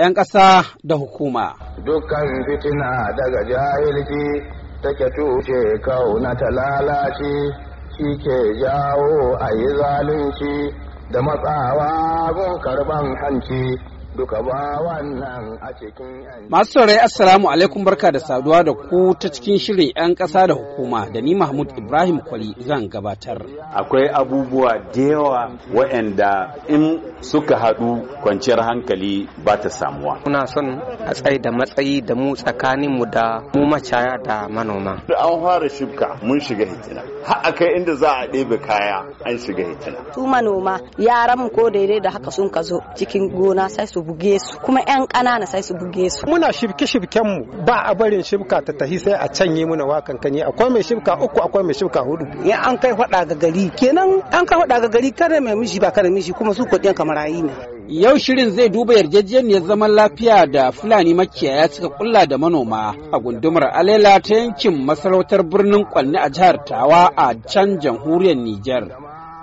'yan ƙasa da hukuma. Dukkan fitina daga jahilci take tushe kauna ta lalace shi ke jawo a yi zalunci da matsawa gun karban hanci. duka ba wannan a cikin Masu saurayi assalamu alaikum barka da saduwa da ku ta cikin shirin 'yan ƙasa da hukuma da ni Mahmud Ibrahim Kwali zan gabatar. Akwai abubuwa da yawa waɗanda in suka haɗu kwanciyar hankali ba ta samuwa. Muna son a tsaye da matsayi da mu tsakanin mu da mu macaya da manoma. Da an fara shibka mun shiga hitina. Har akai inda za a ɗebe kaya an shiga hitina. Su manoma yaran mu ko daidai da haka sun ka zo cikin gona sai su su buge su kuma yan ƙanana sai su buge su muna shibke shibken mu ba a barin shibka ta tahi sai a canye muna wakan kanye akwai mai shibka uku akwai mai shibka hudu ya an kai faɗa ga gari kenan an kai faɗa ga gari kada mai mishi ba kada mishi kuma su kuɗin ayi ne Yau shirin zai duba yarjejeniyar zaman lafiya da Fulani makiyaya suka kulla da manoma a gundumar Alela ta yankin masarautar birnin Kwanne a jihar Tawa a can jamhuriyar Nijar.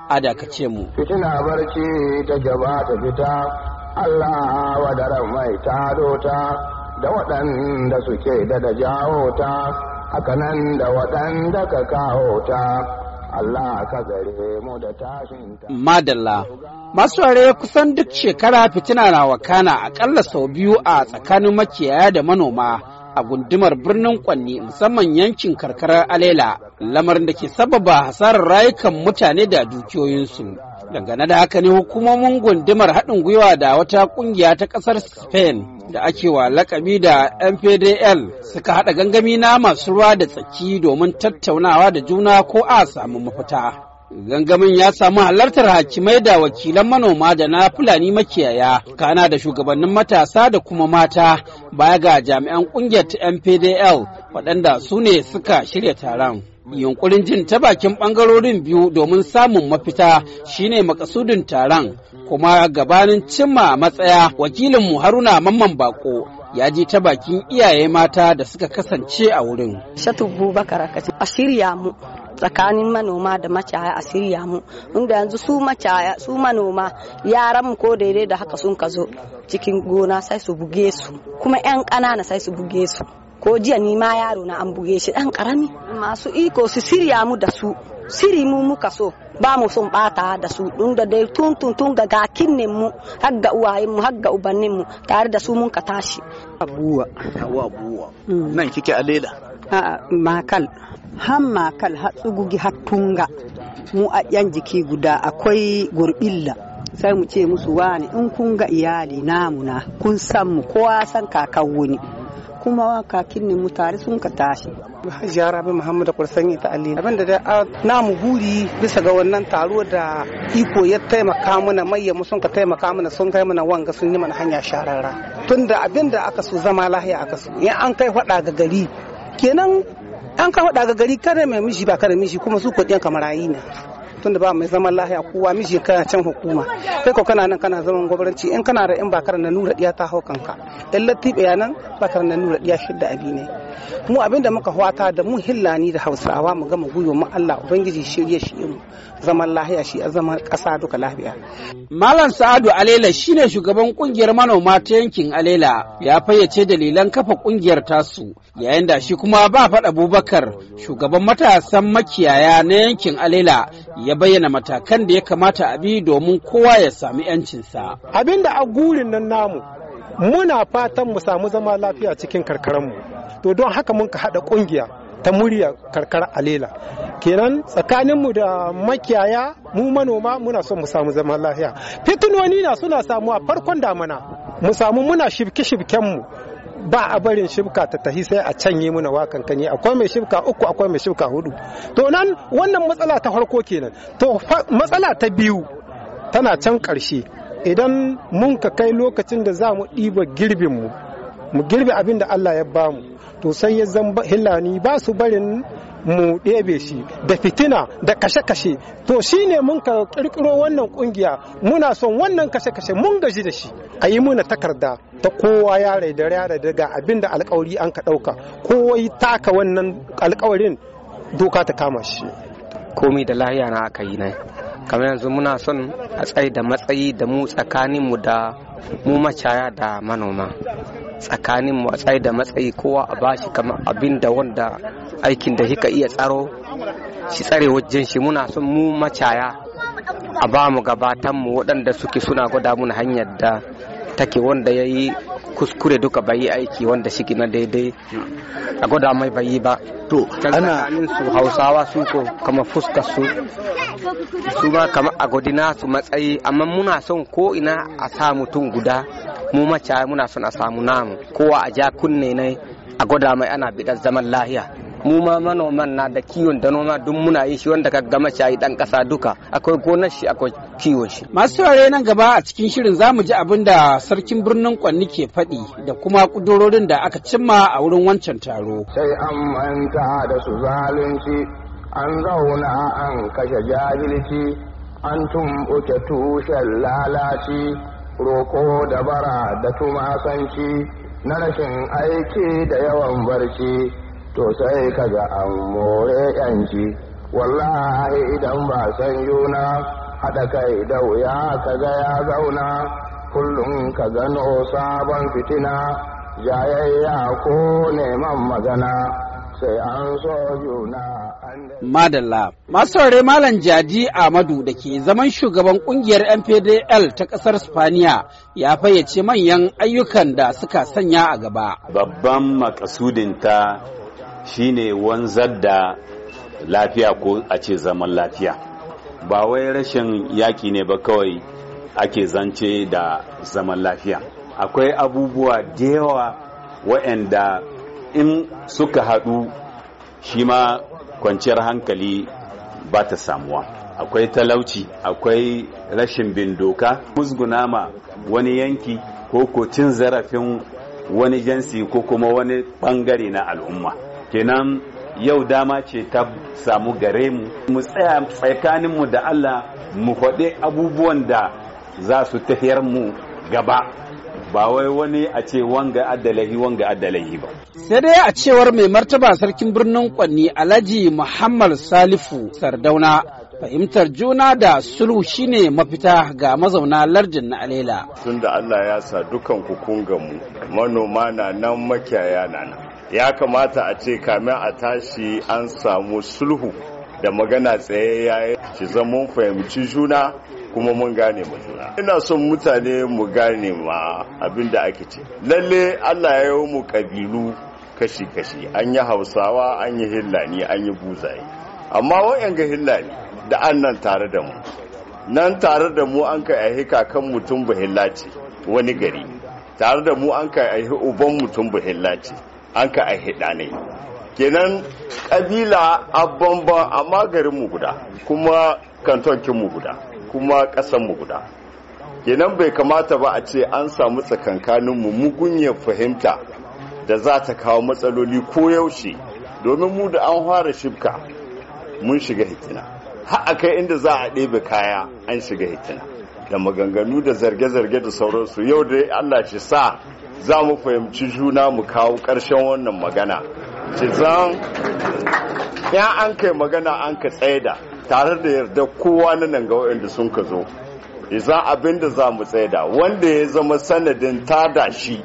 A dakace mu. Fitina barci ta gaba ta fita Allah wadaran mai taro ta da waɗanda suke da da jawo ta hakanan da waɗanda ka kawo ta Allah ka gare mu da tashin ta. Madalla, masu ware kusan duk shekara fitina na wakana akalla sau biyu a tsakanin makiyaya da manoma. a gundumar birnin Kwanni musamman yankin karkarar Alela, lamarin da ke sababa hasarar rayukan mutane da dukiyoyinsu. dangane da haka ne hukumomin gundumar haɗin gwiwa da wata ƙungiya ta ƙasar spain da ake wa lakabi da mpdl suka haɗa gangami na masu ruwa da tsaki domin tattaunawa da juna ko a samu mafita gangamin ya samu halartar hakimai da wakilan manoma da na fulani makiyaya kana da shugabannin matasa da kuma mata baya ga jami'an ƙungiyar mpdl waɗanda su ne suka shirya taron yunkurin jin ta bakin bangarorin biyu domin samun mafita shine makasudin taron kuma gabanin cimma matsaya wakilinmu haruna mamman bako ya je ta bakin iyaye mata da suka kasance a wurin. Shatubu Bakar a shirya mu tsakanin manoma da macaya a shirya mu inda yanzu su macaya su manoma yaran mu ko daidai da haka sun ka zo cikin gona sai su buge su kuma 'yan ƙanana sai su buge su ko jiya ni ma yaro na an buge shi dan karami masu iko su sirya mu da su siri mu muka so ba mu son bata da su dun da dai tun tun tun ga gakinnin mu har ga uwayen mu har ga ubannin mu tare da su mun ka tashi abuwa hawa abuwa hmm. nan kike alela a makal har makal har tsugugi har tunga mu a yan jiki guda akwai gurbilla sai mu ce musu wani in kun ga iyali namu na kun san mu kowa san kakan wuni kuma kakin ne mu tare sun ka tashi hajiya rabi muhammadu kursan ita ali abinda da mu buri bisa ga wannan taro da iko ya taimaka mana mayya mu sun ka taimaka mana sun kai mana wanga sun yi mana hanya sharara tunda abinda aka so zama lahiya aka so an kai faɗa ga gari kenan an kai faɗa ga gari kare mai miji ba kada miji kuma su kuɗin kamar ayi ne tunda ba mai zaman lahiya kowa miji kana can hukuma kai ko kana nan kana zaman gwamnati in kana da in ba karan na nura diya ta hau kanka in latibe yanan ba karan na nura diya shidda abi ne mu abin da muka fata da mu hillani da hausawa mu gama guyo mu Allah ubangiji shirye shi mu zaman lahiya shi a zaman ƙasa duka lafiya. malam sa'adu alela shine shugaban kungiyar manoma ta yankin alela ya fayyace dalilan kafa kungiyar tasu yayin da shi kuma ba faɗa abubakar shugaban matasan makiyaya na yankin alela ya bayyana matakan da ya kamata a bi domin kowa ya sami 'yancinsa abin da a gurin nan namu muna fatan mu samu zama lafiya cikin mu to don haka mun ka haɗa ƙungiya ta murya karkar alela kenan tsakaninmu da makiyaya mu manoma muna son mu samu zaman lafiya fitinoni na suna samu a farkon damana mu samu muna shibke mu. ba a barin shibka ta tahi sai a canye muna wakan kanye akwai mai shibka uku akwai mai shibka hudu to nan wannan matsala ta farko kenan to matsala ta biyu tana can ƙarshe idan mun ka kai lokacin da za mu ɗiba girbinmu mu girbe abin da Allah ya bamu to sai ya zan hillani ba su barin mu ɗebe shi da fitina da kashe-kashe to shi ne mun ka ƙirƙiro wannan ƙungiya muna son wannan kashe-kashe mun gaji da shi a yi muna takarda ta kowa ya da daga abin da alkawari an ka ɗauka kowa yi taka wannan alkawarin doka ta kama shi komai da lahiya na aka yi ne kamar yanzu muna son a tsaye da matsayi da mu tsakaninmu da mu macaya da manoma tsakanin matsayi da matsayi kowa a bashi kamar abin da wanda aikin da hika iya tsaro shi tsare wajen shi muna son mu macaya a ba mu gabatan waɗanda suke suna gwada mun hanyar da take wanda ya yi kuskure duka bai yi aiki wanda shi na daidai a gwada mai bai yi ba to ana su hausawa su ko kama fuska su su ma kama a godina su matsayi amma muna son ko ina a sa mutum guda mu mace muna son a samu namu kowa a ja kunne ne a gwada mai ana bidar zaman lahiya mu ma manoman na da kiwon da noma duk muna yi shi wanda ka gama shayi dan kasa duka akwai gonar shi akwai kiwon shi masu saurare nan gaba a cikin shirin zamu ji abin da sarkin birnin Kwanni ke faɗi da kuma kudurorin da aka cimma a wurin wancan taro sai an manta da su zalunci an zauna an kashe jahilci an tumbuke tushen lalaci Roko da bara da tumasanci na rashin aiki da yawan barci to sai ka ga an more yanci wallahi idan ba san yuna haɗa kai da wuya ka ga ya zauna kullum ka gano sabon fitina jayayya ko neman magana sai an Madalla, masu Malam Jadi Ahmadu da ke zaman shugaban kungiyar MPDL ta ƙasar Spaniya ya fayyace manyan ayyukan da suka sanya a gaba. Babban makasudinta shine wanzar da lafiya ko a ce zaman lafiya. Ba wai rashin yaƙi ne ba kawai ake zance da zaman lafiya. Akwai abubuwa da yawa waɗanda in suka haɗu shi ma kwanciyar hankali ba ta samuwa akwai talauci akwai rashin bin doka musguna ma wani yanki ko ko cin zarafin wani jinsi ko kuma wani bangare na al'umma kenan yau dama ce ta samu gare mu mu tsaya tsakaninmu da allah mu faɗi abubuwan da za su tafiyar mu gaba ba wai wani a ce wanga addalahi wanga addalahi ba sai dai a cewar mai martaba sarkin birnin kwanni alhaji muhammad salifu sardauna fahimtar juna da sulhu shine mafita ga mazauna larjin na alela tunda allah ya sa dukan mu manoma na nan makiyaya na nan ya kamata a ce kamin a tashi an samu sulhu da magana tsayayya ci mun fahimci juna kuma mun gane mu juna ina son mutane mu gane ma abin da ake ce lalle Allah ya yi mu kabilu kashi-kashi an yi hausawa an yi hillani an yi buzaye amma wa'yan ga hillani da an nan tare da mu nan tare da mu an kai aihe kakan mutum buhillaci wani gari tare da mu an kai ahi uban mutum buhillaci an kai ahi ɗanai kenan kabila abban amma garinmu guda kuma mu guda kuma mu guda kenan bai kamata ba a ce an samu tsakankaninmu ya fahimta da za ta kawo matsaloli ko yaushe domin mu da an fara shifka mun shiga hitina har kai inda za a ɗebe kaya an shiga hitina da maganganu da zarge-zarge da sauransu yau da allah shi sa za mu fahimci juna mu kawo ƙarshen wannan magana ce zan ya an kai magana an ka da tare da yarda kowa na nan ga waɗanda sun ka zo iza abin da za mu tsaida wanda ya zama sanadin tada shi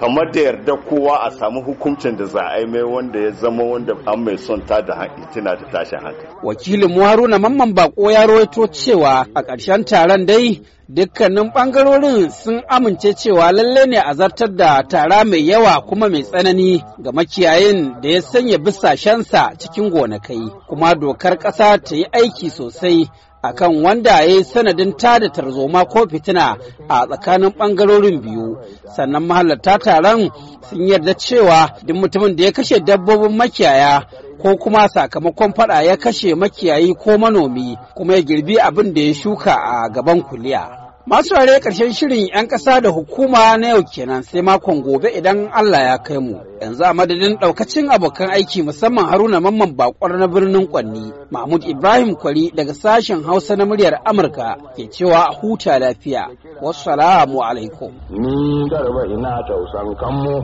kamar da yarda kowa a samu hukuncin da za a yi mai wanda ya zama wanda an mai son ta da tana ta tashin hankali. Wakilin mu Haruna Mamman Bako ya rawaito cewa a ƙarshen taron dai dukkanin ɓangarorin sun amince cewa lalle ne a zartar da tara mai yawa kuma mai tsanani ga makiyayin da ya sanya bisashensa cikin gonakai kuma dokar ƙasa ta yi aiki sosai akan wanda ya yi sanadin tada tarzoma ko fitina a tsakanin bangarorin biyu sannan mahallarta taron sun yarda cewa duk mutumin da ya kashe dabbobin makiyaya ko kuma sakamakon fada ya kashe makiyayi ko manomi kuma ya girbi abin da ya shuka a gaban kuliya Masu rare ƙarshen shirin 'yan ƙasa da hukuma na yau kenan sai makon gobe idan Allah ya kai mu. Yanzu a madadin ɗaukacin abokan aiki musamman Haruna Mamman Bakwar na birnin Kwanni, Mahmud Ibrahim Kwari daga sashen Hausa na muryar Amurka ke cewa huta lafiya. Wassalamu alaikum. Ni garba ina tausan kanmu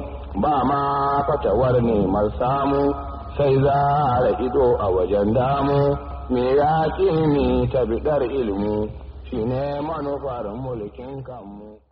ba ma fatawar neman samu sai za a ido a wajen damu me ya ce ni ilimi. shi ne manufar mulkin kanmu.